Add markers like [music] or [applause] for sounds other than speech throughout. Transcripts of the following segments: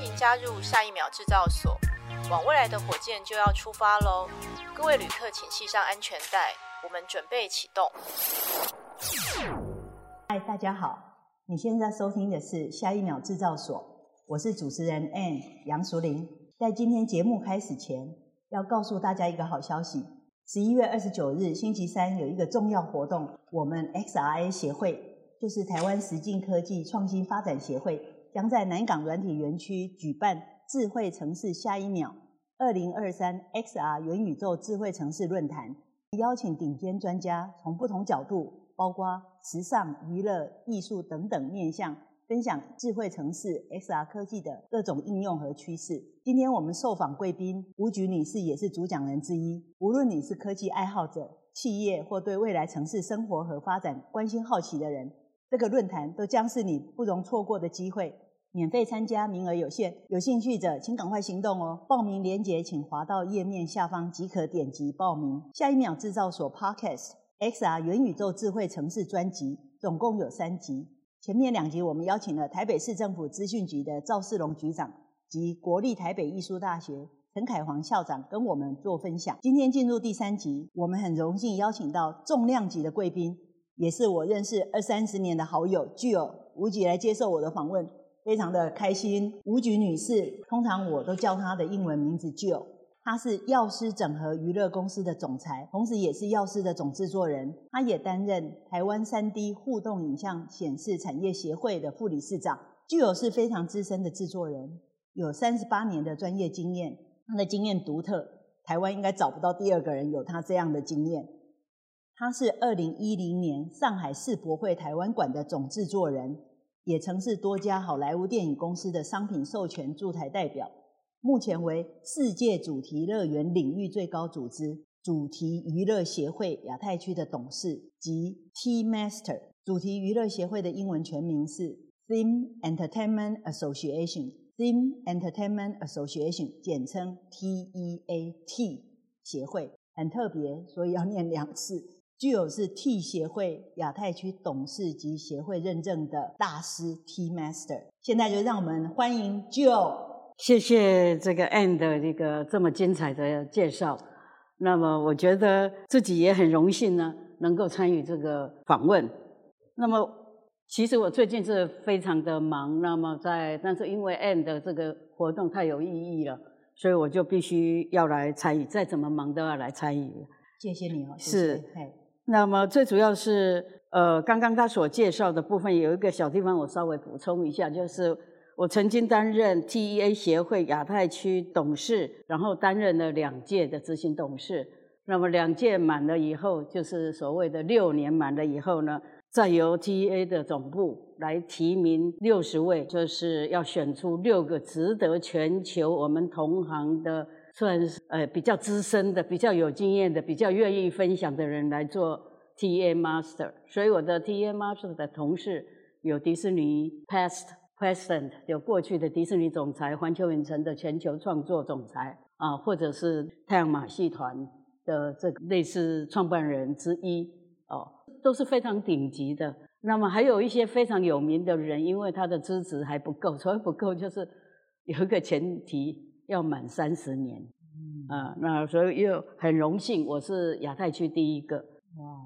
歡迎加入下一秒制造所，往未來的火箭就要出發嘍！各位旅客，請繫上安全帶，我們準備啟動。嗨，大家好，你現在收聽的是下一秒制造所，我是主持人 Anne 楊淑玲。在今天節目開始前，要告訴大家一個好消息：十一月二十九日星期三有一個重要活動，我們 XRA 協會，就是台灣實境科技創新發展協會。將在南港軟體園區舉辦“智慧城市下一秒2023 XR 元宇宙智慧城市論壇”，邀請頂尖專家從不同角度，包括時尚、娛樂、藝術等等面向，分享智慧城市 XR 科技的各種應用和趨勢。今天我們受訪貴賓吳菊女士也是主講人之一。無論你是科技愛好者、企業，或對未來城市生活和發展關心好奇的人，這個論壇都將是你不容錯過的機會，免費參加，名額有限，有興趣者請趕快行動哦！報名鏈接請滑到頁面下方即可點擊報名。下一秒製造所 Podcast XR 元宇宙智慧城市專輯，總共有三集，前面兩集我們邀請了台北市政府資訊局的趙世龍局長及國立台北藝術大學陳凱煌校長跟我們做分享。今天進入第三集，我們很榮幸邀請到重量級的貴賓。也是我認識二三十年的好友，Jill 吳菊來接受我的訪問，非常的開心。吳菊女士，通常我都叫她的英文名字 Jill。她是躍獅整合娛樂公司的總裁，同時也是躍獅的總製作人。她也擔任台灣三 D 互動影像顯示產業協會的副理事長。Jill 是非常資深的製作人，有三十八年的專業經驗，她的經驗獨特，台灣應該找不到第二個人有她這樣的經驗。他是二零一零年上海世博會台灣館的總制作人，也曾是多家好萊塢電影公司的商品授權駐台代表。目前為世界主題樂園領域最高組織主題娛樂協會亞太區的董事及 T Master。主題娛樂協會的英文全名是 Theme Entertainment Association，Theme Entertainment Association 簡稱 TEAT 協會，很特別，所以要念兩次。Jill 是 T 協會亞太區董事及協會認證的大師 T Master。現在就讓我們歡迎 Jill。謝謝這個 Anne 的這個這麼精彩的介紹。那麼我覺得自己也很榮幸呢，能夠參與這個訪問。那麼其實我最近是非常的忙。那麼在，但是因為 Anne 的這個活動太有意義了，所以我就必須要來參與，再怎麼忙都要來參與。謝謝你哦，是，嘿。那麼最主要是，呃，剛剛他所介紹的部分有一個小地方，我稍微補充一下，就是我曾經擔任 TEA 協會亞太區董事，然後擔任了兩屆的執行董事。那麼兩屆滿了以後，就是所謂的六年滿了以後呢，再由 TEA 的總部來提名六十位，就是要選出六個值得全球我們同行的，算是呃比較資深的、比較有經驗的、比較願意分享的人來做 T A Master。所以我的 T A Master 的同事有迪士尼 Past President，有過去的迪士尼總裁、環球影城的全球創作總裁啊，或者是太陽馬戲團的這類似創辦人之一哦，都是非常頂級的。那麼還有一些非常有名的人，因為他的資質還不夠，所以不夠就是有一個前提。要滿三十年、嗯，啊，那所以又很榮幸，我是亞太區第一個，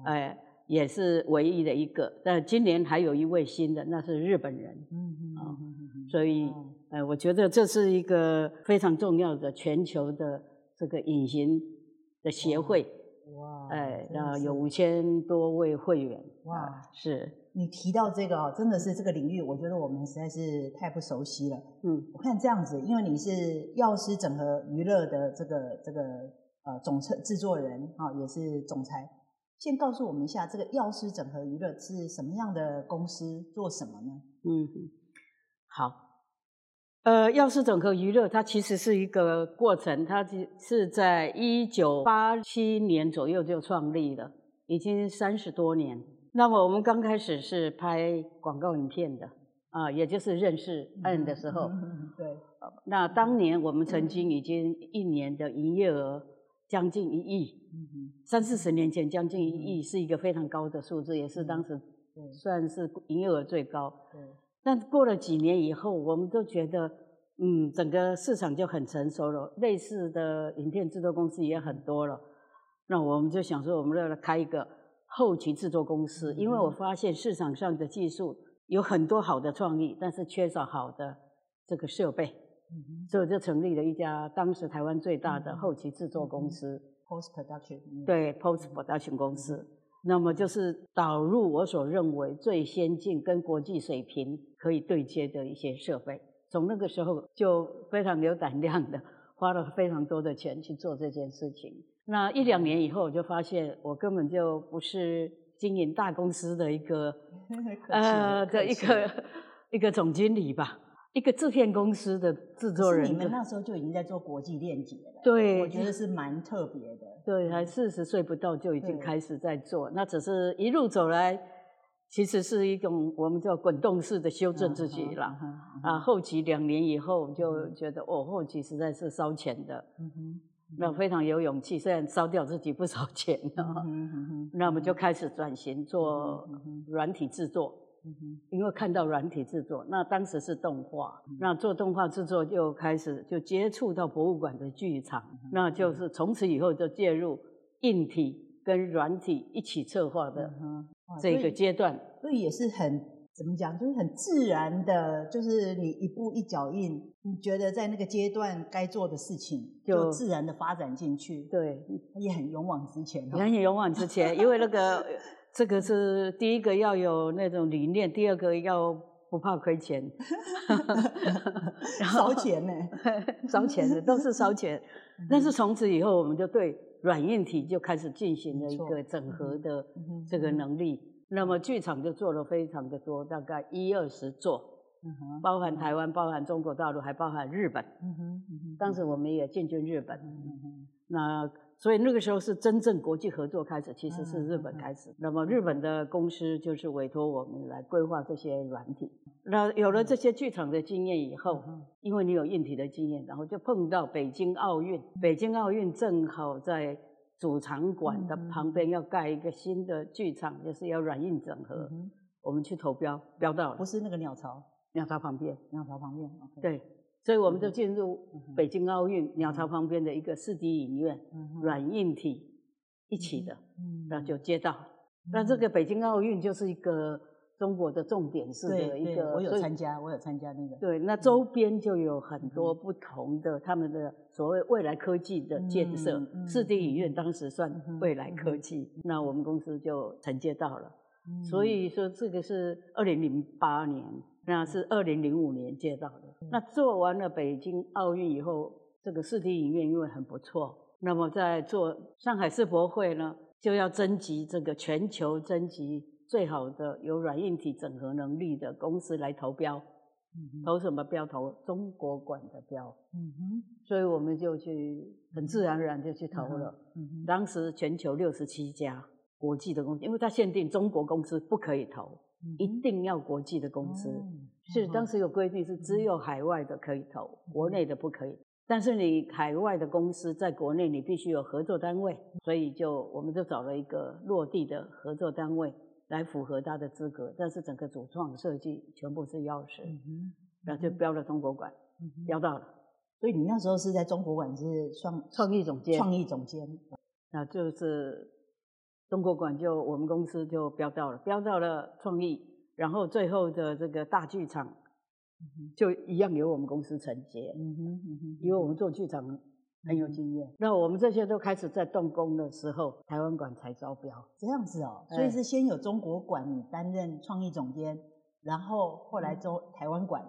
哎、呃，也是唯一的一個。但今年還有一位新的，那是日本人，啊、嗯哦嗯嗯，所以哎、呃，我覺得這是一個非常重要的全球的這個隱形的協會。哇、wow！哎，那有五千多位會員。哇、wow, 啊！是，你提到這個啊，真的是這個領域，我覺得我們實在是太不熟悉了。嗯，我看這樣子，因為你是躍獅整合娛樂的這個這個呃總策製作人啊、呃，也是總裁，先告訴我們一下，這個躍獅整合娛樂是什麼樣的公司，做什麼呢？嗯，好。呃，躍獅整合娛樂，它其實是一個過程，它是在一九八七年左右就創立了，已經三十多年。那麼我們剛開始是拍廣告影片的，啊，也就是認識 Ian 的時候。嗯，嗯，對。那當年我們曾經已經一年的營業額將近一億，嗯三四十年前將近一億是一個非常高的數字，也是當時算是營業額最高。對。但過了幾年以後，我們都覺得，嗯，整個市場就很成熟了，類似的影片制作公司也很多了。嗯、那我們就想說，我們要來開一個後期制作公司、嗯，因為我發現市場上的技術有很多好的創意，但是缺少好的這個設備、嗯，所以我就成立了一家當時台灣最大的後期制作公司、嗯、，Post Production，、嗯、對，Post Production 公司。嗯那麼就是導入我所認為最先進、跟國際水平可以對接的一些設備。從那個時候就非常有膽量的，花了非常多的錢去做這件事情。那一兩年以後，我就發現我根本就不是經營大公司的一個呃的一個一個一個總經理吧。一個製片公司的製作人，你們那時候就已經在做國際鏈接了。對，我覺得是蠻特別的。對，還四十歲不到就已經開始在做，那只是一路走來，其實是一種我們叫滾動式的修正自己了、嗯嗯嗯。啊，後期兩年以後，我就覺得哦，後期實在是燒錢的嗯嗯。嗯哼，那非常有勇氣，雖然燒掉自己不少錢嗯哼嗯哼，嗯哼，那我們就開始轉型做軟體製作。因為看到軟體製作，那當時是動畫，那做動畫製作就開始就接觸到博物館的劇場，那就是從此以後就介入硬體跟軟體一起策劃的這個階段。啊，所以，所以也是很怎麼講，就是很自然的，就是你一步一腳印，你覺得在那個階段該做的事情就自然的發展進去。對，也很勇往直前。也很勇往直前，因為那個。 [laughs] 這個是第一個要有那種理念，第二個要不怕虧錢，燒錢呢，燒錢， [laughs] 燒錢的都是燒錢、嗯。但是從此以後，我們就對軟硬體就開始進行了一個整合的這個能力。嗯嗯、那麼劇場就做了非常的多，大概一二十座、嗯，包含台灣、嗯、包含中國大陸，還包含日本。嗯嗯、當時我們也進軍日本，嗯、那。所以那個時候是真正國際合作開始，其實是日本開始、嗯嗯嗯。那麼日本的公司就是委託我們來規劃這些軟體。那有了這些劇場的經驗以後、嗯，因為你有硬體的經驗，然後就碰到北京奧運。北京奧運正好在主場館的旁邊要蓋一個新的劇場，就是要軟硬整合。嗯嗯、我們去投標，標到了。不是那個鳥巢，鳥巢旁邊，鳥巢旁邊。Okay. 對。所以我們就進入北京奧運鳥巢旁邊的一個四 D 影院，軟硬體一起的，嗯嗯、那就接到，嗯。那這個北京奧運就是一個中國的重點式的一個，我有，我有參加，我有參加那個。對，那周邊就有很多不同的他們的所謂未來科技的建設，嗯嗯、四 D 影院當時算未來科技，嗯嗯，那我們公司就承接到了。嗯、所以說，這個是二零零八年。那是二零零五年接到的。嗯。那做完了北京奧運以後，這個實體影院因為很不錯，那麼在做上海世博會呢，就要徵集這個全球徵集最好的有軟硬體整合能力的公司來投標。嗯。投什麼標？投中國館的標。嗯哼。所以我們就去，很自然而然就去投了。嗯哼。嗯哼。當時全球六十七家國際的公司，因為它限定中國公司不可以投。嗯、一定要國際的公司，是當時有規定，是只有海外的可以投，國內的不可以。但是你海外的公司在國內，你必須有合作單位，所以就我們就找了一個落地的合作單位來符合他的資格。但是整個主創設計全部是躍獅，然後就標了中國館，標到了。所以你那時候是在中國館是創創意總監？創意總監，那就是。中國館就我們公司就標到了，標到了創意，然後最後的這個大劇場就一樣由我們公司承接，因、嗯、為、嗯、我們做劇場很有經驗、嗯。那我們這些都開始在動工的時候，台灣館才招標，這樣子哦。所以是先有中國館你擔任創意總監，然後後來做台灣館，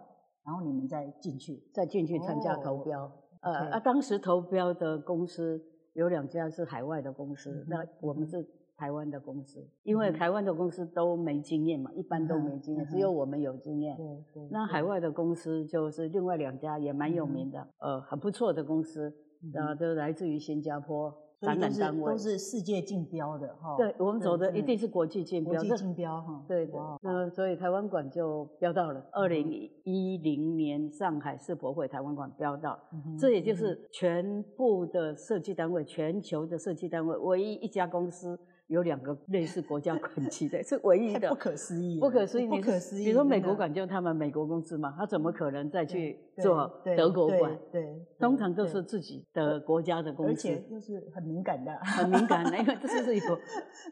然後你們再進去，再進去參加投標。呃、哦啊 okay. 啊，當時投標的公司有兩家是海外的公司，嗯、那我們是。台灣的公司，因為台灣的公司都沒經驗嘛，一般都沒經驗，嗯、只有我們有經驗。嗯嗯、對對，對。那海外的公司就是另外兩家也蠻有名的，嗯、呃，很不錯的公司，啊、嗯，都、呃、來自於新加坡等等單位。都是世界競標的哈、哦。對我們走的一定是國際競標。國際競標哈。對的。那、呃、所以台灣館就標到了二零一零年上海世博會，台灣館標到、嗯，這也就是全部的設計單位，嗯、全球的設計單位、嗯、唯一一家公司。有兩個類似國家館期的 [laughs] 對，是唯一的，不可，不可思議，不可思議，不可思議。比如美國館就他們美國公司嘛，他，司嘛，他怎麼可能再去做德國館對對對對？對，通常都是自己的國家的公司，而且就是很敏感的， [laughs] 很敏感，因為這是一個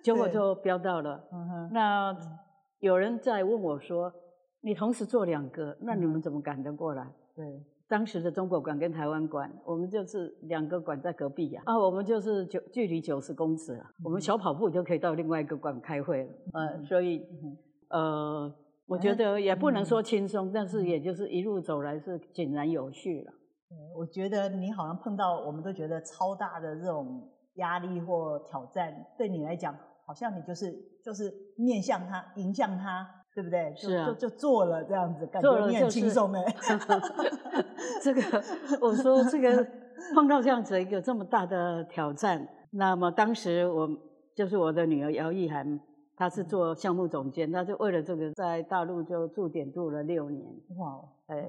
結果就標到了。嗯、那、嗯、有人在問我說：“你同時做兩個，那你們怎麼趕得過來？”嗯、對。當時的中國館跟台灣館，我們就是兩個館在隔壁呀、啊，啊，我們就是九距離九十公尺了、啊嗯，我們小跑步就可以到另外一個館開會了，嗯、呃，所以、嗯，呃，我覺得也不能說輕鬆、嗯，但是也就是一路走來是井然有序了、嗯。我覺得你好像碰到我們都覺得超大的這種壓力或挑戰，對你來講，好像你就是就是面向它迎向它。對不對？就是啊就，就做了這樣子，感覺你很輕鬆哎、欸。就是、 [laughs] 這個我說，這個碰到這樣子一個這麼大的挑戰，那麼當時我就是我的女兒姚懿涵，她是做項目總監，她就為了這個在大陸就駐點住了六年。哇，哎，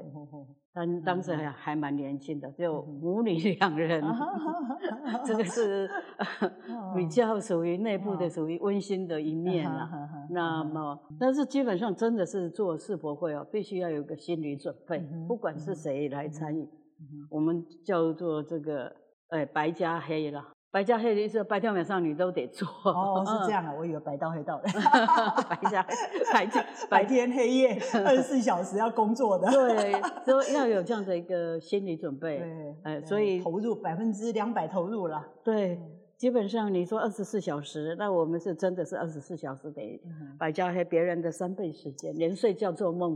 但當時還還蠻年輕的，就母女兩人、 [laughs] [laughs] 啊哈哈啊，這個是比較屬於內部的屬於溫馨的一面了、啊。那麼、嗯，但是基本上真的是做世博會啊、喔，必須要有個心理準備，嗯、不管是誰來參與、嗯，我們叫做這個，欸、白加黑啦。白加黑的意思，白天晚上你都得做。哦，是這樣啊、嗯，我以為白道黑道的。 [laughs] 白加白加白天黑夜二十四小時要工作的。 [laughs] 對，都要有這樣的一個心理準備。對，欸、對所以投入百分之兩百投入了。對。對基本上你說二十四小時，那我們是真的是二十四小時得白加黑別人的三倍時間，連睡覺做夢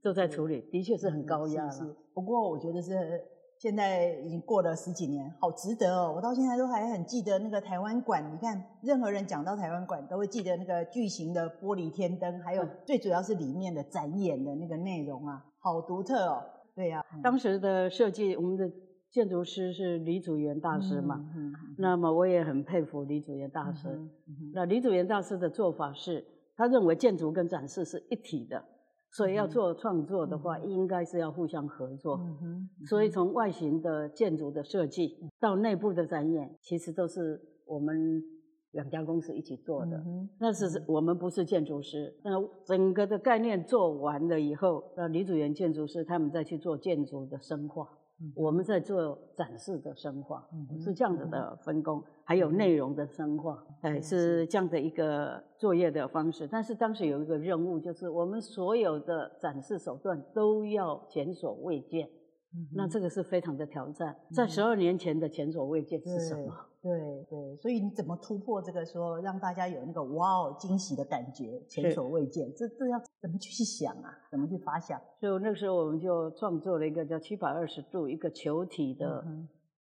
都在處理，的確是很高壓了，是是。不過我覺得是現在已經過了十幾年，好值得哦！我到現在都還很記得那個台灣館，你看任何人講到台灣館都會記得那個巨型的玻璃天燈，還有最主要是裡面的展演的那個內容啊，好獨特哦。對呀、啊嗯，當時的設計我們的。建築師是李祖原大師嘛。那麼我也很佩服李祖原大師。那李祖原大師的做法是，他認為建築跟展示是一體的，所以要做創作的話，應該是要互相合作。所以從外形的建築的設計到內部的展演，其實都是我們兩家公司一起做的。那是我們不是建築師，那整個的概念做完了以後，那李祖原建築師他們再去做建築的深化。我們在做展示的深化，嗯、是這樣子的分工，嗯、還有內容的深化，哎、嗯，是這樣的一個作業的方式。但是當時有一個任務，就是我們所有的展示手段都要前所未見，嗯、那這個是非常的挑戰。在十二年前的前所未見是什麼？對對，所以你怎麼突破這個說讓大家有那個哇哦驚喜的感覺，前所未見？這這要怎麼去去想啊？怎麼去發想、啊？所以那個時候我們就創作了一個叫七百二十度一個球體的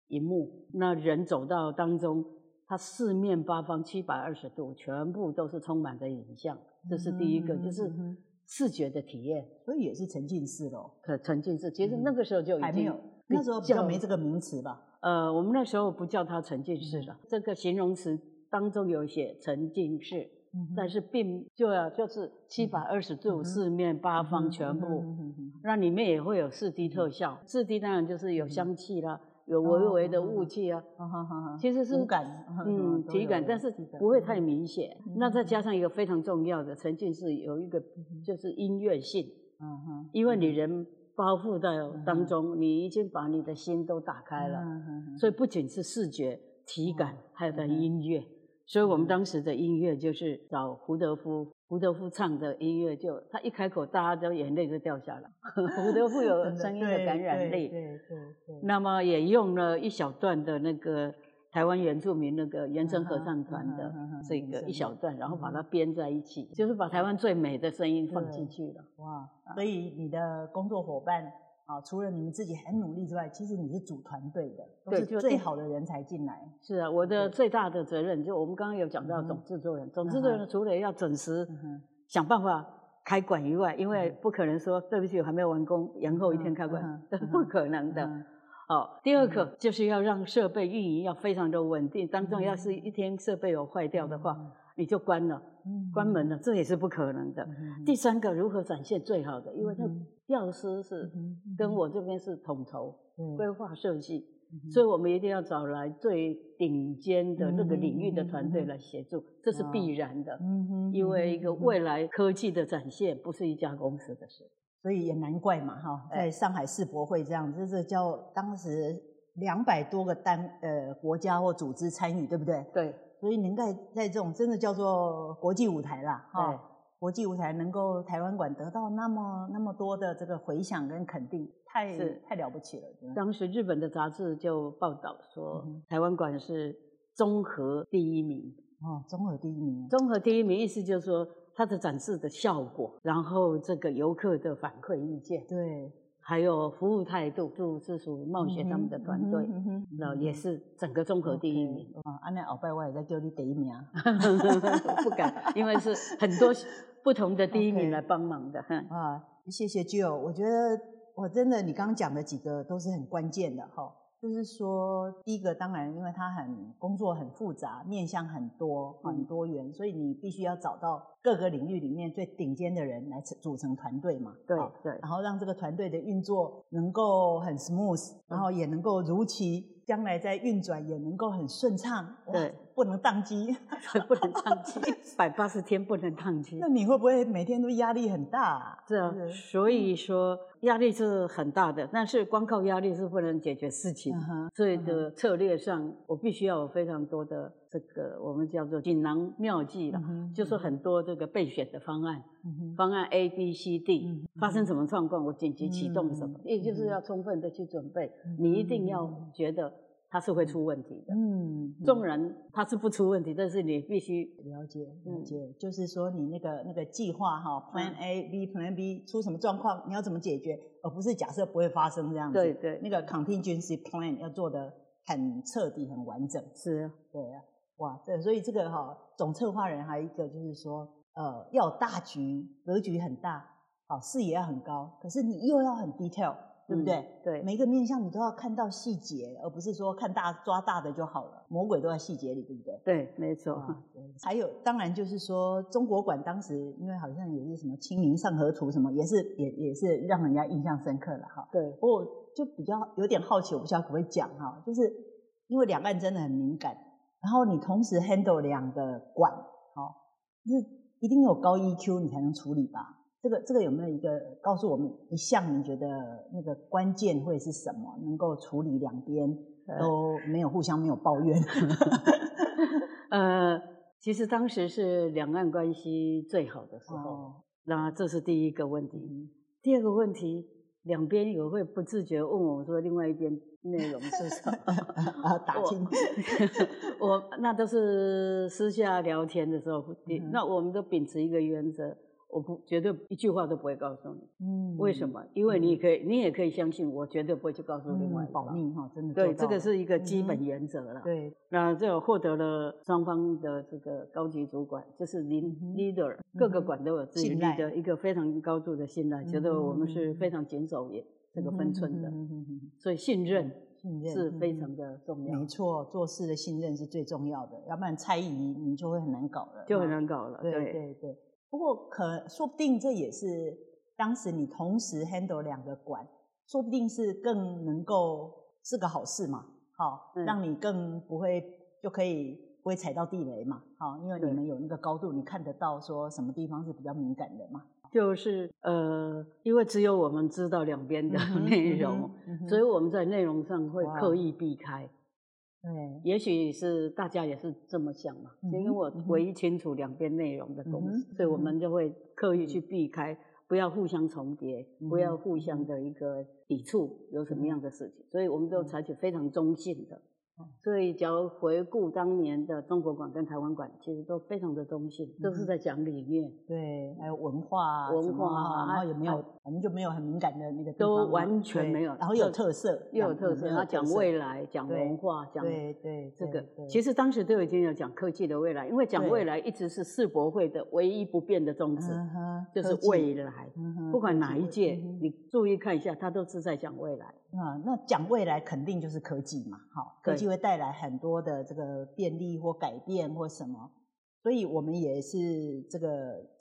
熒幕，嗯、那人走到當中，他四面八方七百二十度全部都是充滿着影像，這是第一個，嗯、就是視覺的體驗，所以也是沉浸式咯、哦，可沉浸式，其實那個時候就已經還沒有，那時候比較沒這個名詞吧。呃，我們那時候不叫它沉浸式了。嗯、這個形容詞當中有寫沉浸式，嗯、但是並就要、啊、就是七百二十度、嗯、四面八方全部，那、嗯嗯嗯、裡面也會有四 D 特效，嗯、四 D 當然就是有香氣啦、啊嗯，有微微的霧氣啊。哈、哦、哈，其實是觸感，嗯，觸感嗯體感，但是不會太明顯、嗯嗯。那再加上一個非常重要的沉浸式有一個就是音樂性，嗯、因為你人。嗯包袱在當中、嗯，你已經把你的心都打開了，嗯嗯嗯、所以不僅是視覺、體感，嗯、還有在音樂、嗯。所以，我們當時的音樂就是找胡德夫，胡德夫唱的音樂，就他一開口，大家都眼淚就掉下來。胡德夫有聲音的感染力。對對對，對，對。那麼也用了一小段的那個。台灣原住民那個原聲合唱團的這個一小段，然後把它編在一起，就是把台灣最美的聲音放進去了。哇！所以你的工作伙伴啊，除了你們自己很努力之外，其實你是組團隊的，對，就最好的人才進來。是啊，我的最大的責任就我們剛剛有講到總制作人，總制作人除了要準時想辦法開館以外，因為不可能說對不起，我還沒有完工，延後一天開館，這不可能的。好，第二個、嗯，就是要讓設備運營要非常的穩定，當中要是一天設備有壞掉的話，嗯，你就關了，嗯、關門了、嗯，這也是不可能的，嗯嗯。第三個，如何展現最好的？因為那躍獅是，嗯嗯、跟我這邊是統籌、嗯，規劃設計，嗯，所以我們一定要找來最頂尖的那個領域的團隊來協助，嗯嗯嗯嗯，這是必然的，哦嗯嗯嗯。因為一個未來科技的展現，不是一家公司的事。所以也難怪嘛，哈，在上海世博會這樣，這、就是叫當時兩百多個單呃國家或組織參與，對不對？對。所以能在在這種真的叫做國際舞台啦，哈、哦，國際舞台能夠台灣館得到那麼那麼多的這個回響跟肯定，太是太了不起了。當時日本的雜誌就報道說、嗯，台灣館是綜合第一名，哦，綜合第一名。綜合第一名意思就是說。它的展示的效果，然後這個遊客的反饋意見，對，還有服務態度，就是屬於冒險他們的團隊，那、嗯嗯嗯、也是整個綜合第一名。Okay. 啊，安那鰲拜我也在叫你第一名， [laughs] [laughs] 不敢，因為是很多不同的第一名來幫忙的。Okay. 啊，謝謝 Jill，我覺得我真的你剛，剛講的幾個都是很關鍵的哈。就是說，第一個當然，因為他很，工作很複雜，面向很多，很多元，嗯，所以你必須要找到各個領域裡面最頂尖的人來組成團隊嘛。對對，然後讓這個團隊的運作能夠很 smooth，嗯，然後也能夠如期。將來在運轉也能夠很順暢，對，不能宕機，不能宕機，一百八十天不能宕機。那你會不會每天都壓力很大啊？是啊是，所以說壓力是很大的，但是光靠壓力是不能解決事情，嗯哼，所以的策略上我必須要有非常多的。這個我們叫做錦囊妙計了、嗯，就是說很多這個備選的方案，嗯、方案 A B, C, D,、嗯、B、嗯、C、D 發生什麼狀況，我緊急啟動什麼、嗯，也就是要充分的去準備、嗯。你一定要覺得它是會出問題的。嗯，縱、嗯、然它是不出問題，但是你必須、嗯嗯、了解，了解，就是說你那個那個計劃哈、哦嗯、，Plan A B,、B，Plan B 出什麼狀況，你要怎麼解決，而不是假設不會發生這樣子。對對，那個 Contingency Plan 要做得很徹底、很完整。是、啊，對啊。哇，這所以這個哈、哦，總策劃人還有一個就是說，呃，要大局格局很大，好、哦、視野要很高，可是你又要很 detail，對不對？嗯、對，每一個面向你都要看到細節，而不是說看大抓大的就好了。魔鬼都在細節裡，對不對？對，沒錯。還有，當然就是說，中國館當時因為好像也是什麼《清明上河圖》什麼，也是也也是讓人家印象深刻了哈、哦。對，我就比較有點好奇，我不知道可不可以講哈、哦，就是因為兩岸真的很敏感。然後你同時 handle 兩個館，好、哦，就是一定有高 EQ 你才能處理吧？這個這個有沒有一個告訴我們一項你覺得那個關鍵會是什麼？能夠處理兩邊都沒有互相沒有抱怨。 [laughs] [laughs] 呃，其實當時是兩岸關係最好的時候。哦，那這是第一個問題。嗯、第二個問題，兩邊也會不自覺問我，我說，另外一邊。內容是什麼？啊，打聽清笑。我那都是私下聊天的時候、嗯。那我們都秉持一個原則，我不絕對一句話都不會告訴你。嗯，為什麼？因為你可以，嗯、你也可以相信我，我絕對不會去告訴另外、嗯、保密哈，真的。對，這個是一個基本原則了、嗯。對，那最後獲得了雙方的這個高級主管，就是領 leader，、嗯嗯、各個館都有自己的一個非常高度的信賴，信賴覺得我們是非常謹守也。嗯這個分寸的，所以信任信任是非常的重要。嗯嗯嗯。沒錯，做事的信任是最重要的，要不然猜疑你就會很難搞了，就很難搞了。對對對，對。不過可說不定這也是當時你同時 handle 兩個管，說不定是更能夠是個好事嘛。好、哦，讓你更不會就可以不會踩到地雷嘛。好、哦，因為你們有那個高度，你看得到說什麼地方是比較敏感的嘛。就是呃，因為只有我們知道兩邊的內容，嗯嗯嗯、所以我們在內容上會刻意避開。對、哦，也許是大家也是這麼想嘛、嗯，因為我唯一清楚兩邊內容的東西、嗯，所以我們就會刻意去避開，嗯、不要互相重疊、嗯，不要互相的一個抵觸，有什麼樣的事情、嗯，所以我們都採取非常中性的。所以假如回顧當年的中國館跟台灣館，其實都非常的中性，都是在講理念，嗯、對，還有文化，啊、文化，有也沒有。我們就沒有很敏感的那個，都完全沒有，然後又有，特色，又有特色，又有特色，然後講未來，講文化，講對對這個對對對對，其實當時都已經有講科技的未來，因為講未來一直是世博會的唯一不變的宗旨，就是未來，不管哪一屆，你注意看一下，它都是在講未來啊、嗯。那講未來肯定就是科技嘛，好、哦，科技會帶來很多的這個便利或改變或什麼，所以我們也是這個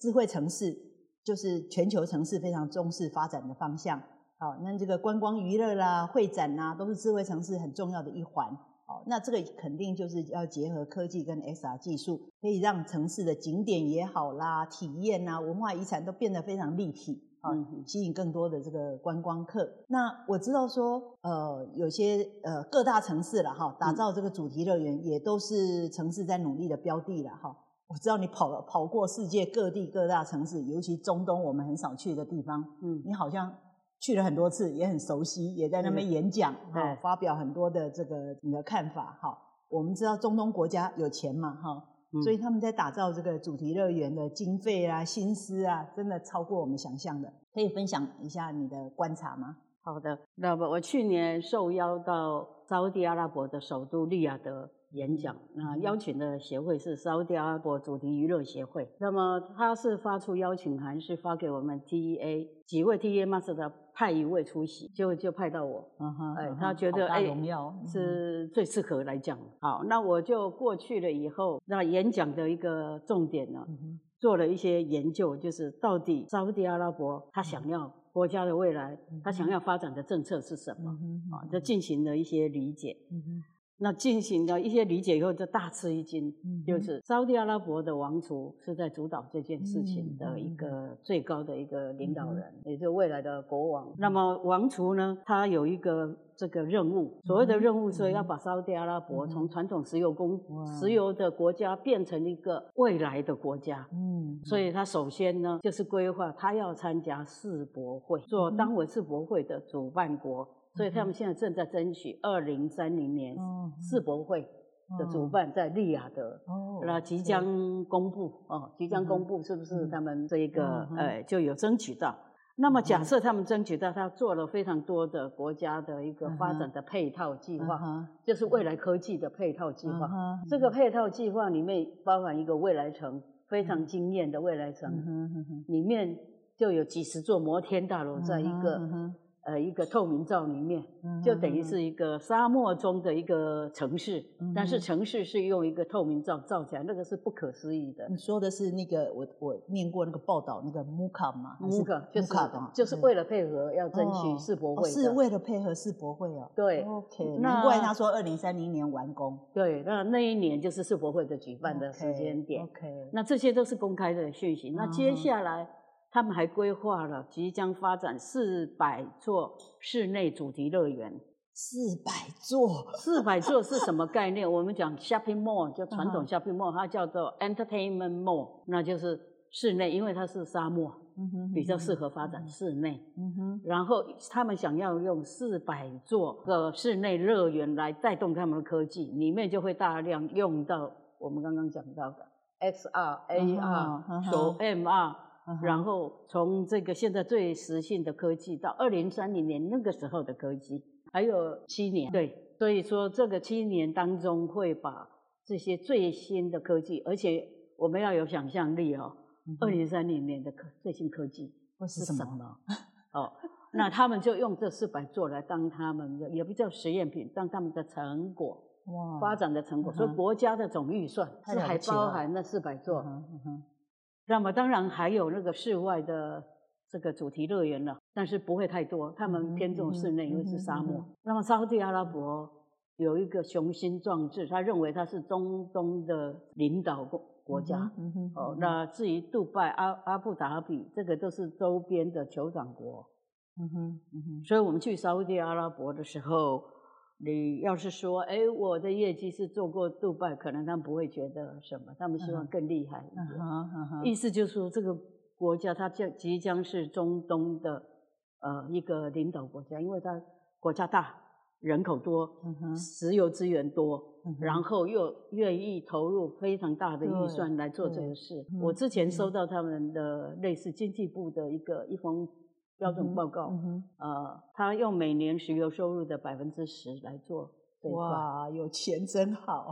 智慧城市。就是全球城市非常重視發展的方向，好，那這個觀光娛樂啦、會展吶，都是智慧城市很重要的一環。好，那這個肯定就是要結合科技跟 XR 技術，可以讓城市的景點也好啦、體驗吶、文化遺產都變得非常立體，好，吸引更多的這個觀光客。那我知道說，呃，有些呃各大城市了哈，打造這個主題樂園也都是城市在努力的標的了哈。我知道你跑了跑過世界各地各大城市，尤其中東我們很少去的地方，嗯，你好像去了很多次，也很熟悉，也在那邊演講，哈、嗯哦，發表很多的這個你的看法，哈、哦，我們知道中東國家有錢嘛，哈、哦嗯，所以他們在打造這個主題樂園的經費啊、心思啊，真的超過我們想象的。可以分享一下你的觀察嗎？好的，那麼我去年受邀到沙烏地阿拉伯的首都利雅得，演講那、嗯啊、邀請的協會是沙烏地阿拉伯主題娛樂協會，那麼他是發出邀請函是發給我們 T E A 幾位 T E A master 派一位出席，就就派到我、嗯哼嗯哼，哎，他覺得哎、欸嗯、榮耀是最適合來講好，那我就過去了以後，那演講的一個重點呢，嗯、做了一些研究，就是到底沙烏地阿拉伯他想要國家的未來，他、嗯、想要發展的政策是什麼、嗯嗯、啊？就進行了一些理解。嗯那進行了一些理解以後，就大吃一驚、嗯，就是沙烏地阿拉伯的王儲是在主導這件事情的一個最高的一個領導人，嗯、也就是未來的國王。嗯、那麼王儲呢，他有一個這個任務，所謂的任務，所以要把沙烏地阿拉伯從傳統石油公、嗯、石油的國家變成一個未來的國家。嗯，所以他首先呢，就是規劃他要參加世博會，做當為世博會的主辦國。所以他們現在正在爭取二零三零年世博會的主辦在利雅得，那即將公布哦，即將公布是不是？他們這一個呃就有爭取到。那麼假設他們爭取到，他做了非常多的國家的一個發展的配套計劃，就是未來科技的配套計劃。這個配套計劃裡面包含一個未來城，非常驚豔的未來城，裡面就有幾十座摩天大樓在一個。呃，一個透明罩裡面，就等於是一個沙漠中的一個城市，嗯、但是城市是用一個透明罩罩起來，那個是不可思議的。你說的是那個我我念過那個報道，那個 Mukam 嘛，Mukam 嗎？Mukam 就是的，就是為了配合要爭取世博會是、哦哦，是為了配合世博會哦。對。OK。難怪他說二零三零年完工。對，那那一年就是世博會的舉辦的時間點。Okay, OK。那這些都是公開的訊息。嗯、那接下來。他們還規劃了即將發展四百座室內主題樂園，四百座，四百座是什麼概念？我們講 shopping mall 叫傳統 shopping mall，uh -huh. 它叫做 entertainment mall，那就是室內，因為它是沙漠，uh -huh. 比較適合發展室內。Uh -huh. 然後他們想要用四百座的室內樂園來帶動他們的科技，裡面就會大量用到我們剛剛講到的 X R A R 手 M R。XR, AER, uh -huh. so MR, Uh -huh. 然後從這個現在最時興的科技到二零三零年那個時候的科技，還有七年。Uh -huh. 對，所以說這個七年當中會把這些最新的科技，而且我們要有想象力哦。二零三零年的科最新科技會是什麼呢？哦， [laughs] oh, 那他們就用這四百座來當他們的， [laughs] 也不叫實驗品，當他們的成果，wow. 發展的成果。Uh -huh. 所以國家的總預算是還包含那四百座。Uh -huh. Uh -huh. 那麼當然還有那個室外的這個主題樂園了，但是不會太多，他們偏重室內，嗯、因為是沙漠。嗯嗯嗯、那麼沙烏地阿拉伯有一個雄心壯志，他認為他是中東，東的領導國國家，嗯哼嗯哼嗯哼。哦，那至於杜拜，阿阿布達比，這個都是周邊的酋長國。嗯哼，嗯哼，所以我們去沙烏地阿拉伯的時候。你要是說，哎、欸，我的業績是做過杜拜，可能他們不會覺得什麼，他們希望更厲害一點。uh -huh. Uh -huh. Uh -huh. 意思就是說，這個國家它將即將是中東的呃一個領導國家，因為它國家大，人口多，uh -huh. 石油資源多，uh -huh. 然後又願意投入非常大的預算來做這個事。Uh -huh. Uh -huh. 我之前收到他們的類似經濟部的一個、uh -huh. 一封。標準報告、嗯嗯，呃，他用每年石油收入的百分之十來做這哇，有錢真好。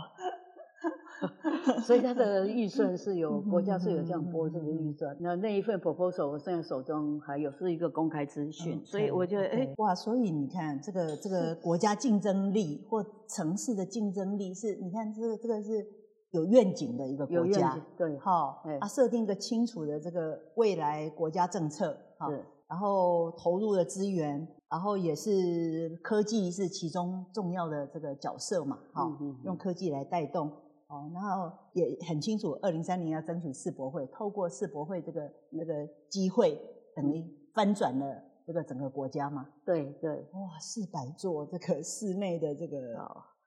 [laughs] 所以他的預算是有、嗯、國家是有這樣撥這個預算。那、嗯嗯嗯、那一份 proposal 我現在手中還有，是一個公開資訊，嗯、okay, 所以我覺得，哎、欸，哇，所以你看這個這個國家競爭力或城市的競爭力是，你看這個這個是有願景的一個國家，有願景，對，好，對他設、啊、定一個清楚的這個未來國家政策，然後投入的資源，然後也是科技是其中重要的這個角色嘛，哈、哦嗯嗯嗯，用科技來帶動，哦，然後也很清楚，二零三零要爭取世博會，透過世博會這個那、這個機會，等於翻轉了這個整個國家嘛。對對，哇，四百座這個室內的這個。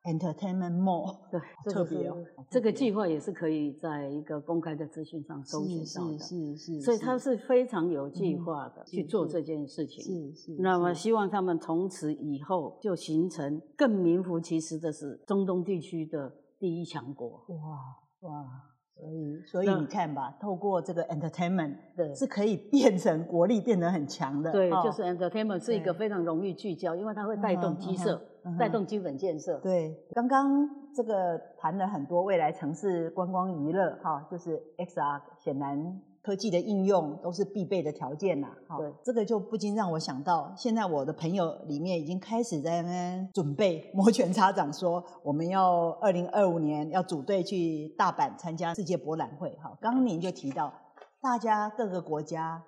Entertainment more 對，特別有、哦哦哦。這個計劃也是可以在一個公開的資訊上搜尋到的，是是是,是,是,是，所以他是非常有計劃的、嗯、去做這件事情，是是,是,是,、嗯是,是,是,是，那麼希望他們從此以後就形成更名副其實的是中東地區的第一強國，哇哇。所以，所以你看吧，透過這個 entertainment，的，是可以變成國力變得很強的。對、哦，就是 entertainment 是一個非常容易聚焦，因為它會帶動基設，帶、嗯 okay, 嗯、動基本建設。對，剛剛這個談了很多未來城市觀光娛樂，哈、哦，就是 XR，顯然。科技的應用都是必備的條件吶、啊。好對，這個就不禁讓我想到，現在我的朋友裡面已經開始在那邊準備，摩拳擦掌說我們要二零二五年要組隊去大阪參加世界博覽會。哈，剛剛您就提到，大家各個國家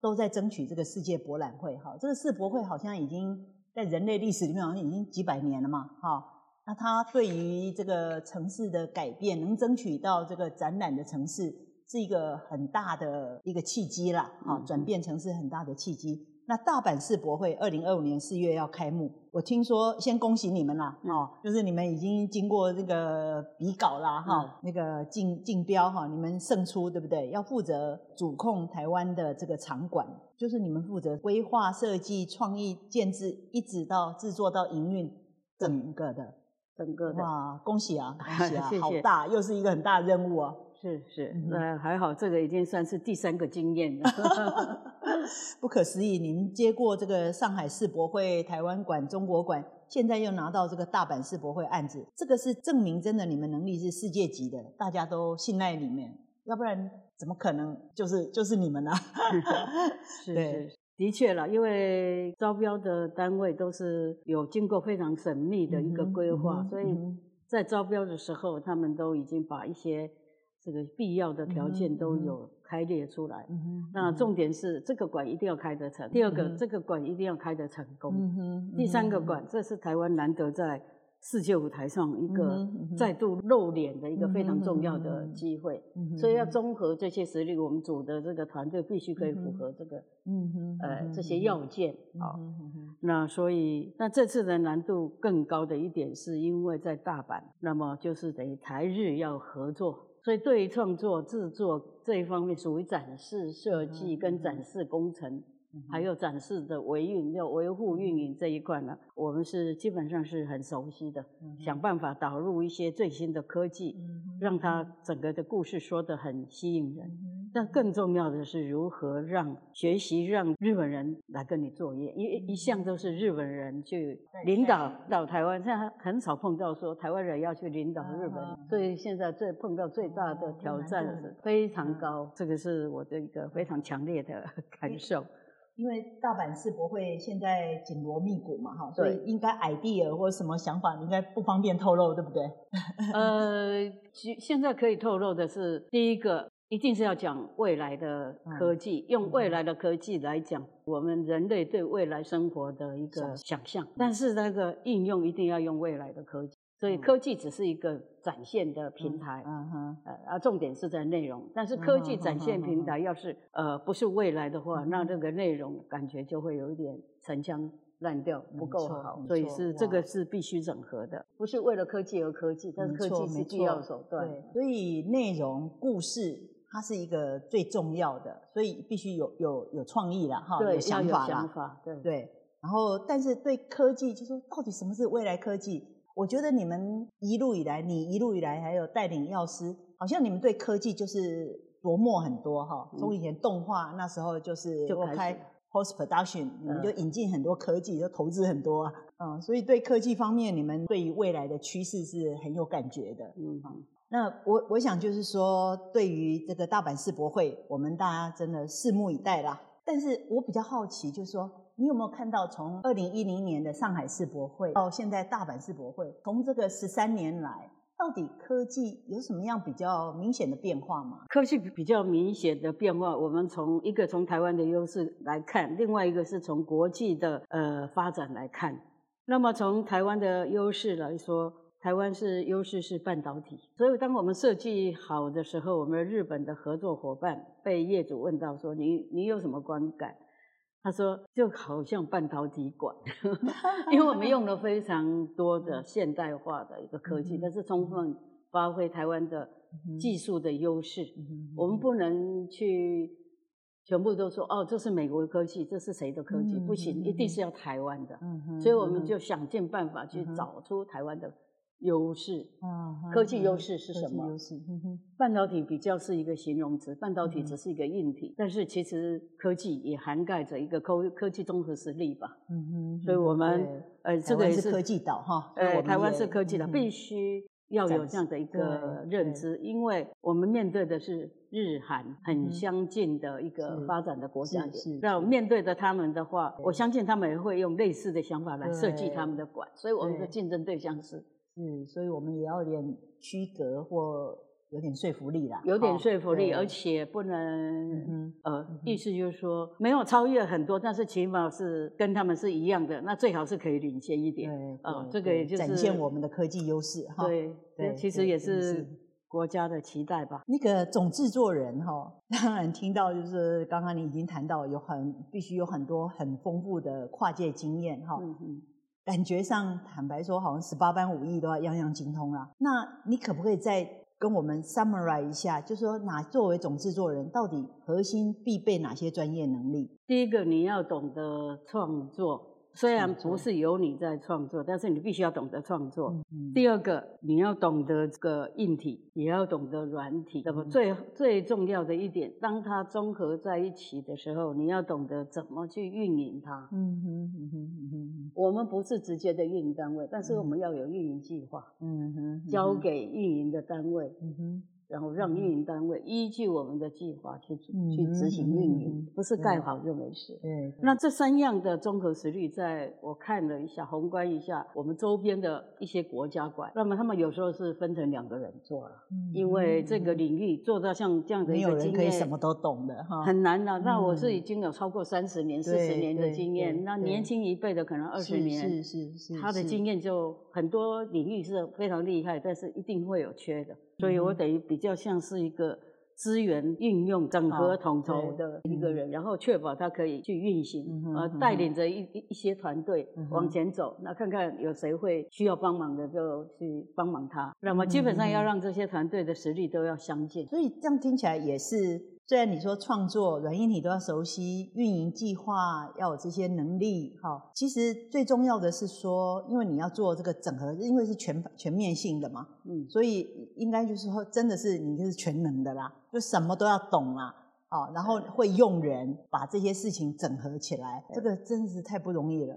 都在爭取這個世界博覽會。哈，這個世博會好像已經在人類歷史裡面好像已經幾百年了嘛。哈，那它對於這個城市的改變，能爭取到這個展覽的城市，是一個很大的一個契機啦，啊，轉變成是很大的契機。嗯、那大阪世博會二零二五年四月要開幕，我聽說先恭喜你們啦，哦、嗯，就是你們已經經過這個比稿啦，哈、嗯，那個競競標哈，你們勝出，對不對？要負責主控台灣的這個場館，就是你們負責規劃設計、創意建制，一直到制作到營運整個的整個的。哇，恭喜啊，恭喜啊， [laughs] 謝謝，好大，又是一個很大的任務啊。是是，那、嗯、還好，這個已經算是第三個經驗了， [laughs] 不可思議。您接過這個上海世博會台灣館、中國館，現在又拿到這個大阪世博會案子，這個是證明真的，你們能力是世界級的，大家都信賴你們，要不然怎麼可能？就是就是你們呢、啊？是，是，是，的確了，因為招標的單位都是有經過非常神秘的一個規劃、嗯嗯，所以在招標的時候，嗯、他們都已經把一些。這個必要的條件都有開列出來、嗯嗯，那重點是這個館一定要開得成。嗯、第二個、嗯，這個館一定要開得成功。嗯嗯，第三個館、嗯，這是台灣難得在世界舞台上一個再度露臉的一個非常重要的機會，嗯嗯，所以要綜合這些實力、嗯，我們組的這個團隊必須可以符合這個，嗯嗯嗯、呃，這些要件、嗯嗯好嗯嗯，那所以，那這次的難度更高的一點，是因為在大阪，那麼就是等於台日要合作。所以，對於創作、製作這一方面，屬於展示設計跟展示工程、嗯，還有展示的維運、要維護運營這一塊呢、嗯，我們是基本上是很熟悉的。嗯、想辦法導入一些最新的科技、嗯，讓它整個的故事說得很吸引人。嗯但更重要的是如何讓學習，讓日本人來跟你作業，因為一向都是日本人去領導到台灣，現在很少碰到說台灣人要去領導日本，所以現在最碰到最大的挑戰是非常高，這個是我的一個非常強烈的感受。因為大阪世博會現在緊鑼密鼓嘛，哈，所以應該 idea 或什麼想法應該不方便透露，對不對？呃，其，現在可以透露的是第一個。一定是要講未來的科技、嗯，用未來的科技來講、嗯、我們人類對未來生活的一個想象，但是那個應用一定要用未來的科技，嗯、所以科技只是一個展現的平台，呃、嗯嗯嗯，啊，重點是在內容、嗯，但是科技展現平台要是、嗯、呃不是未來的話，嗯嗯、那這個內容感覺就會有一點陳腔濫調、嗯、不夠好、嗯，所以是這個是必須整合的、嗯嗯嗯，不是為了科技而科技，但是科技是必要手段，嗯嗯、所以內容故事。它是一個最重要的，所以必須有有有，有創意了哈，有想法了，對對。然後，但是對科技，就是、說到底什麼是未來科技？我覺得你們一路以來，你一路以來還有帶領躍獅，好像你們對科技就是琢磨很多哈。從以前動畫那時候就是、嗯、開 post 就開 post production，你們就引進很多科技，嗯、就投資很多啊。嗯，所以對科技方面，你們對於未來的趨勢是很有感覺的。嗯，嗯那我我想就是說，對於這個大阪世博會，我們大家真的拭目以待啦。但是我比較好奇，就是說，你有沒有看到從二零一零年的上海世博會到現在大阪世博會，從這個十三年來，到底科技有什麼樣比較明顯的變化嗎？科技比較明顯的變化，我們從一個從台灣的優勢來看，另外一個是從國際的呃發展來看。那麼從台灣的優勢來說。台灣是優勢是半導體，所以當我們設計好的時候，我們日本的合作夥伴被業主問到說：“你你有什麼觀感？”他說：“就好像半導體館， [laughs] 因為我們用了非常多的現代化的一個科技，但是充分發揮台灣的技術的優勢，嗯。我們不能去全部都說哦，這是美國的科技，這是誰的科技，嗯。不行，一定是要台灣的，嗯。所以我們就想盡辦法去找出台灣的。”優勢啊，科技優勢是什麼優勢、嗯？半導體比較是一個形容詞，半導體只是一個硬體，嗯、但是其實科技也涵蓋着一個科科技綜合實力吧。嗯，所以我們呃，這個也是科技島哈。台灣是科技島、嗯，必須要有這樣的一個認知，因為我們面對的是日韓很相近的一個發展的，發展的國家，是。那面對着他們的話，我相信他們也會用類似的想法來設計他們的館，所以我們的競爭對象是。是、嗯，所以我們也要有點區隔或有點說服力啦，有點說服力，而且不能、嗯、呃、嗯，意思就是說沒有超越很多，但是起碼是跟他們是一樣的，那最好是可以領先一點，嗯、哦、這個也就是、展現我們的科技優勢哈。對、哦、對，對，其實也是國家的期待吧。那個總製作人哈，當然聽到就是剛剛你已經談到有很必須有很多很豐富的跨界經驗哈。嗯嗯。感覺上，坦白說，好像十八般武藝都要樣樣精通啦、啊。那你可不可以再跟我們 summarize 一下，就是說哪作為總製作人，到底核心必備哪些專業能力？第一個，你要懂得創作。雖然不是由你在創作，但是你必須要懂得創作。嗯、嗯。第二個，你要懂得這個硬體，也要懂得軟體。那麼、嗯、最最重要的一點，當它綜合在一起的時候，你要懂得怎麼去運營它。嗯哼嗯哼嗯哼，嗯哼。我們不是直接的運營單位，但是我們要有運營計劃。嗯哼，交給運營的單位。嗯哼。嗯哼。然後讓運營單位依據我們的計劃去、嗯、去執行運營，嗯、不是蓋好就沒事，對對。對，那這三樣的綜合實力，在我看了一下，宏觀一下我們周邊的一些國家館，那麼他們有時候是分成兩個人做了，嗯、因為這個領域做到像這樣子一個經驗，沒有人可以什麼都懂的哈，很難的、啊。那我是已經有超過三十年、四十年的經驗，那年輕一輩的可能二十年，是是是，是，他的經驗就很多領域是非常厲害，但是一定會有缺的。所以我等於比較像是一個資源運用、整合統籌的一個人，然後確保他可以去運行，呃，帶領着一一些團隊往前走。那看看有誰會需要幫忙的，就去幫忙他。那麼基本上要讓這些團隊的實力都要相近，所以這樣聽起來也是。雖然你說創作軟硬體都要熟悉，運營計劃要有這些能力，好，其實最重要的是說，因為你要做這個整合，因為是全全面性的嘛，嗯，所以應該就是說，真的是你就是全能的啦，就什麼都要懂啦，好，然後會用人，把這些事情整合起來，這個真是太不容易了。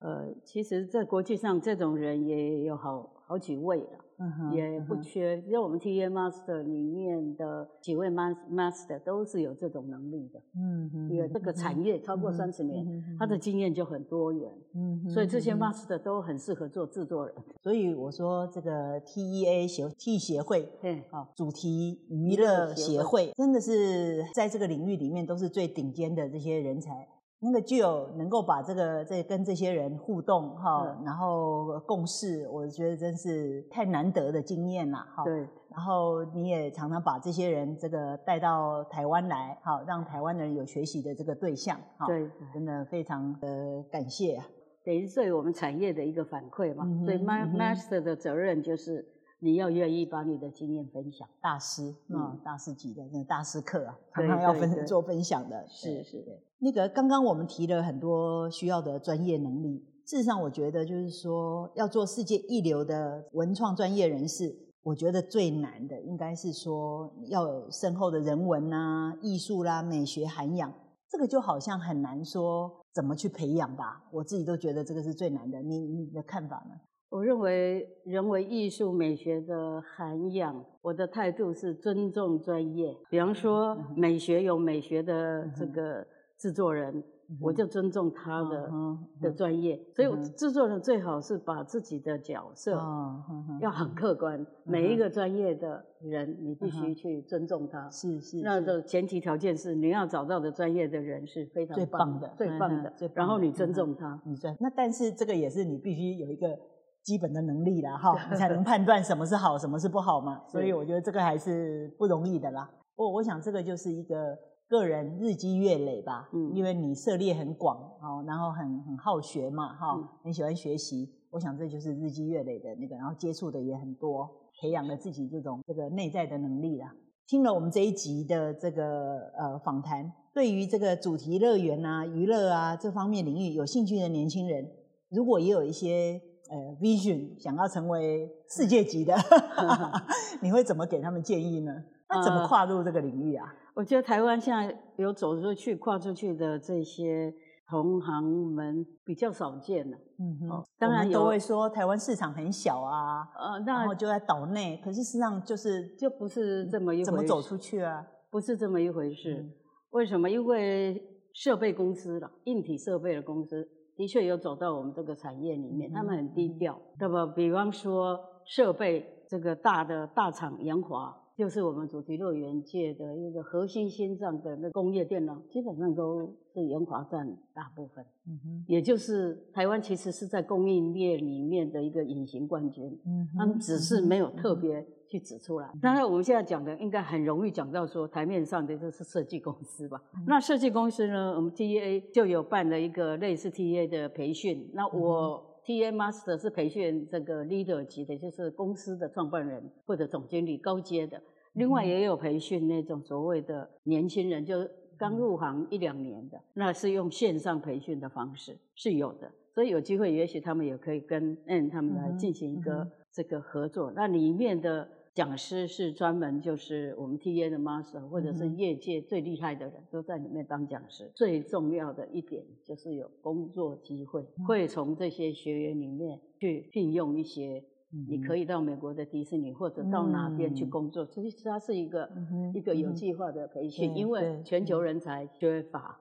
呃，其實，在國際上，這種人也有好好幾位啦。嗯、哼也不缺，因、嗯、為我們 T E A Master 裡面的幾位 Master，Master 都是有這種能力的。嗯嗯，因為這個產業超過三十年，他、嗯、的經驗就很多元。嗯，所以這些 Master 都很適合做製作人。嗯、所以我說這個 T E A 協 T 協會，對啊，主題娛樂協會真的是在這個領域裡面都是最頂尖的這些人才。那個具有能夠把這個這跟這些人互動哈、嗯，然後共事，我覺得真是太難得的經驗了哈。對，然後你也常常把這些人這個帶到台灣來，好讓台灣的人有學習的這個對象哈。對，真的非常的感謝啊。等於對我們產業的一個反饋嘛，嗯、所以 Master 的責任就是。你要願意把你的經驗分享，大師啊、嗯嗯，大師級的那大師課啊，常常要做分享的，是是的。那個剛剛我們提了很多需要的專業能力，事實上我覺得就是說，要做世界一流的文創專業人士，我覺得最難的應該是說要有深厚的人文吶、啊、藝術啦、美學涵養，這個就好像很難說怎麼去培養吧。我自己都覺得這個是最難的，你你的看法呢？我認為，人為藝術美學的涵養，我的態度是尊重專業。比方說，美學有美學的這個製作人，我就尊重他的的專業。所以，製作人最好是把自己的角色要很客觀。每一個專業的人，你必須去尊重他。是是。那的前提條件是，你要找到的專業的人是非常棒最棒的，最棒的，然後你尊重他。你尊。那但是這個也是你必須有一個。基本的能力了哈，對對對，你才能判斷什麼是好，什麼是不好嘛。所以我覺得這個還是不容易的啦。我我想這個就是一個個人日積月累吧，嗯，因為你涉獵很廣哦，然後很很好學嘛哈，很喜歡學習。嗯、我想這就是日積月累的那個，然後接觸的也很多，培養了自己這種這個內在的能力了。聽了我們這一集的這個呃訪談，對於這個主題樂園啊、娛樂啊這方面領域有興趣的年輕人，如果也有一些。呃、uh，vision 想要成為世界級的， [laughs] 你會怎麼給他們建議呢？Uh -huh. 那怎麼跨入這個領域啊？Uh -huh. 我覺得台灣現在有走出去、跨出去的這些同行們比較少見了。嗯哼，當然都會說台灣市場很小啊。呃，那就在島內、uh -huh.，可是實際上就是就不是這麼一回事、嗯、怎麼走出去啊？不是這麼一回事。Uh -huh. 為什麼？因為設備公司，硬體設備的公司。的確有走到我們這個產業裡面，嗯、他們很低調，那麼，嗯哼，比方說設備這個大的大廠，研華就是我們主題樂園界的一個核心心臟的那工業電腦，基本上都是研華占大部分，嗯哼，也就是台灣其實是在供應鏈裡面的一個隱形冠軍，嗯，他們只是沒有特別。嗯去指出來。當然，我們現在講的應該很容易講到說，台面上的就是設計公司吧。那設計公司呢，我們 T A 就有辦了一個類似 T A 的培訓。那我 T A Master 是培訓這個 leader 級的，就是公司的創辦人或者總經理、高階的。另外也有培訓那種所謂的年輕人，就是剛入行一兩年的，那是用線上培訓的方式是有的。所以有機會，也許他們也可以跟嗯，他們來進行一個。這個合作，那裡面的講師是專門就是我們 T N 的 master 或者是業界最厲害的人，嗯、都在裡面當講師。最重要的一點就是有工作機會，嗯、會從這些學員裡面去聘用一些。你可以到美國的迪士尼，或者到哪邊去工作，其實它是一個、嗯、一個有計劃的培訓，因為全球人才缺乏，啊，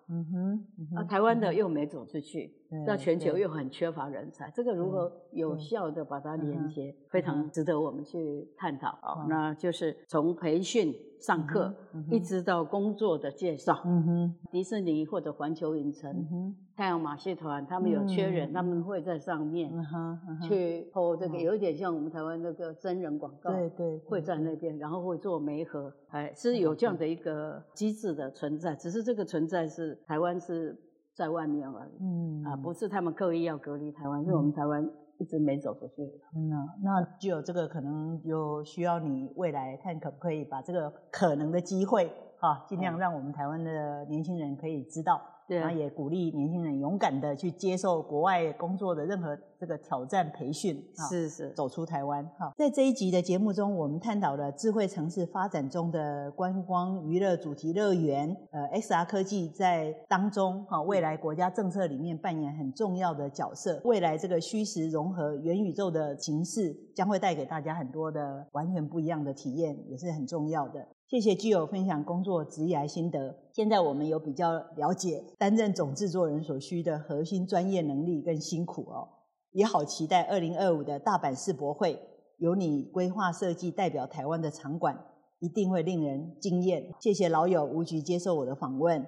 而台灣的又沒走出去，那全球又很缺乏人才，這個如何有效的把它連接，非常值得我們去探討啊、哦，那就是從培訓。上課、uh -huh, uh -huh. 一直到工作的介紹，uh -huh. 迪士尼或者環球影城、uh -huh. 太陽馬戲團，他們有缺人，uh -huh. 他們會在上面 uh -huh, uh -huh. 去 PO 這個，有一點像我們台灣那個真人廣告，對對，會在那邊，uh -huh. 然後會做媒合，哎，是有這樣的一個機制的存在，只是這個存在是台灣是在外面而已，uh -huh. 啊，不是他們刻意要隔離台灣，uh -huh. 是我們台灣。一直沒走出去。嗯吶、啊，那就有這個可能，有需要你未來看可不可以把這個可能的機會，哈、啊，盡量讓我們台灣的年輕人可以知道。對，然後也鼓勵年輕人勇敢地去接受國外工作的任何這個挑戰培訓，是是，走出台灣哈。在這一集的節目中，我們探討了智慧城市發展中的觀光娛樂主題樂園，呃，XR 科技在當中，哈，未來國家政策裡面扮演很重要的角色。未來這個虛實融合元宇宙的形式將會帶給大家很多的完全不一樣的體驗，也是很重要的。謝謝 Jill 吳分享工作職涯心得。現在我們有比較了解擔任總制作人所需的核心專業能力跟辛苦哦，也好期待二零二五的大阪世博會由你規劃設計代表台灣的場館，一定會令人驚豔。謝謝老友吳菊接受我的訪問。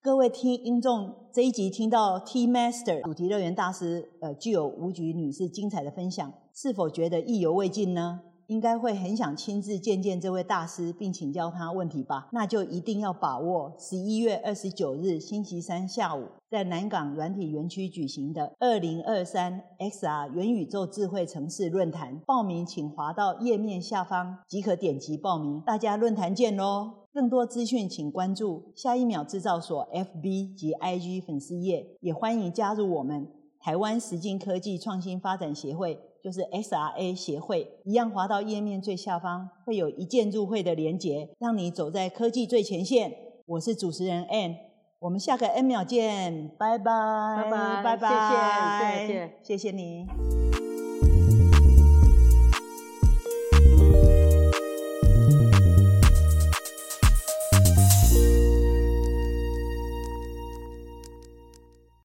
各位聽聽眾這一集聽到 T Master 主題樂園大師呃 Jill 吳菊女士精彩的分享，是否覺得意猶未盡呢？應該會很想親自見見這位大師，並請教他問題吧？那就一定要把握十一月二十九日星期三下午，在南港軟體園區舉行的二零二三 XR 元宇宙智慧城市論壇。報名請滑到頁面下方即可點擊報名。大家論壇見嘍！更多資訊請關注下一秒製造所 FB 及 IG 粉絲頁，也歡迎加入我們臺灣實境科技創新發展協會。就是 SRA 協會一樣，滑到頁面最下方會有一鍵入會的連接，讓你走在科技最前線。我是主持人 Ann，我們下個 N 秒見，拜拜。拜拜拜拜，謝謝，謝謝，謝,謝你。